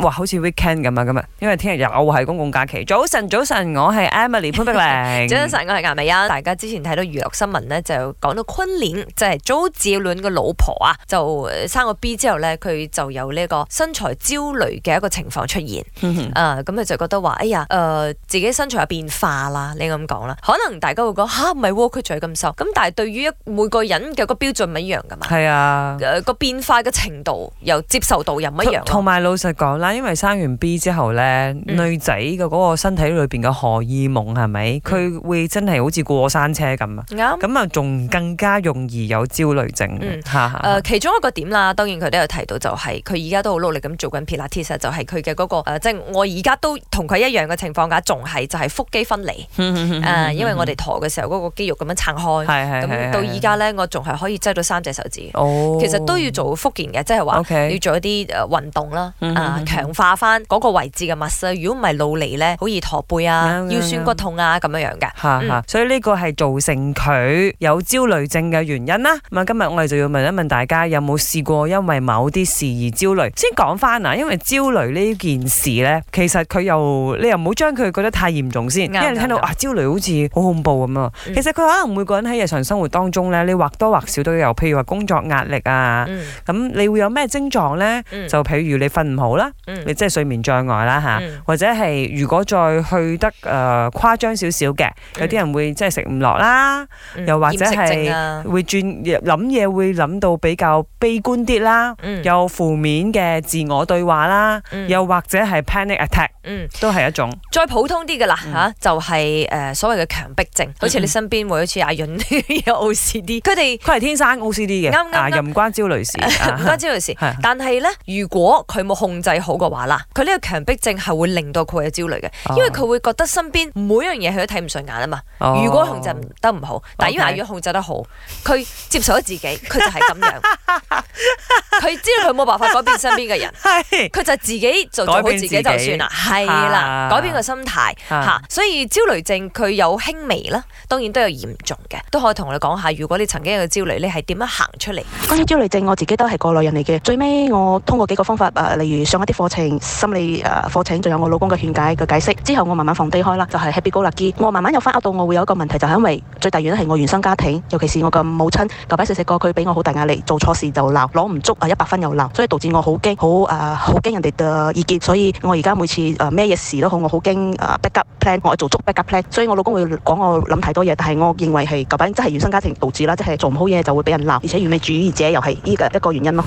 哇，好似 weekend 咁啊，今日，因為聽日又係公共假期。早晨，早晨，我係 Emily 潘碧玲 早晨，我係顏美欣。大家之前睇到娛樂新聞咧，就講到昆凌，即係周杰倫嘅老婆啊，就生個 B 之後咧，佢就有呢個身材焦慮嘅一個情況出現。咁佢、 呃、就覺得話，哎呀，誒、呃，自己身材有變化啦。你咁講啦，可能大家會講吓，唔係 workout 咁瘦。咁但係對於每個人嘅個標準唔一樣噶嘛。係啊。個、呃、變化嘅程度又接受度又唔一樣同。同埋老實講啦。因為生完 B 之後咧，女仔嘅嗰個身體裏邊嘅荷爾蒙係咪？佢會真係好似過山車咁啊！啱咁啊，仲更加容易有焦慮症。嗯，誒，其中一個點啦，當然佢都有提到，就係佢而家都好努力咁做緊 Pilates 就係佢嘅嗰個誒，即係我而家都同佢一樣嘅情況㗎，仲係就係腹肌分離，因為我哋陀嘅時候嗰個肌肉咁樣撐開，咁到而家咧，我仲係可以擠到三隻手指。其實都要做復健嘅，即係話要做一啲誒運動啦，強化翻嗰個位置嘅物質，如果唔係路嚟咧，好易駝背啊、嗯嗯、腰酸骨痛啊咁樣樣嘅。吓吓、嗯，嗯、所以呢個係造成佢有焦慮症嘅原因啦。咁啊，今日我哋就要問一問大家，有冇試過因為某啲事而焦慮？先講翻啊，因為焦慮呢件事咧，其實佢又你又唔好將佢覺得太嚴重先。嗯、因為你聽到、嗯、啊焦慮好似好恐怖咁啊，其實佢可能每個人喺日常生活當中咧，你或多或少都有，譬如話工作壓力啊，咁、嗯、你會有咩症狀咧？就譬如你瞓唔好啦。嗯嗯你即係睡眠障礙啦吓，或者係如果再去得誒誇張少少嘅，有啲人會即係食唔落啦，又或者係會轉諗嘢會諗到比較悲觀啲啦，有負面嘅自我對話啦，又或者係 panic attack，嗯，都係一種再普通啲嘅啦吓，就係誒所謂嘅強迫症，好似你身邊會好似阿潤啲有 OCD，佢哋佢係天生 OCD 嘅，啱啱又唔關焦慮事，唔關焦慮事，但係咧如果佢冇控制好。國話啦，佢呢個強迫症係會令到佢有焦慮嘅，因為佢會覺得身邊每樣嘢佢都睇唔順眼啊嘛。Oh. 如果控制得唔好，oh. Okay. 但因為如果控制得好，佢接受咗自己，佢就係咁樣。佢 知道佢冇辦法改變身邊嘅人，佢 是就自己就做好自己就算啦。係啦，改變個心態吓。啊、是所以焦慮症佢有輕微啦，當然都有嚴重嘅，都可以同我哋講下。如果你曾經有焦慮，你係點樣行出嚟？關於焦慮症，我自己都係過來人嚟嘅。最尾我通過幾個方法啊，例如上一啲課。情心理誒課程，仲有我老公嘅勸解嘅解釋，之後我慢慢、就是，我慢慢放低開啦，就係 Happy Go Lucky。我慢慢又翻到，我會有一個問題，就係、是、因為最大原因係我原生家庭，尤其是我嘅母親。舊版細細個佢俾我好大壓力，做錯事就鬧，攞唔足啊一百分又鬧，所以導致我好驚，好誒好驚人哋嘅意見。所以我而家每次誒咩嘢事都好，我好驚誒 backup plan，我做足 backup plan。所以我老公會講我諗太多嘢，但係我認為係舊版真係原生家庭導致啦，即係做唔好嘢就會俾人鬧，而且完美主義者又係呢個一個原因咯。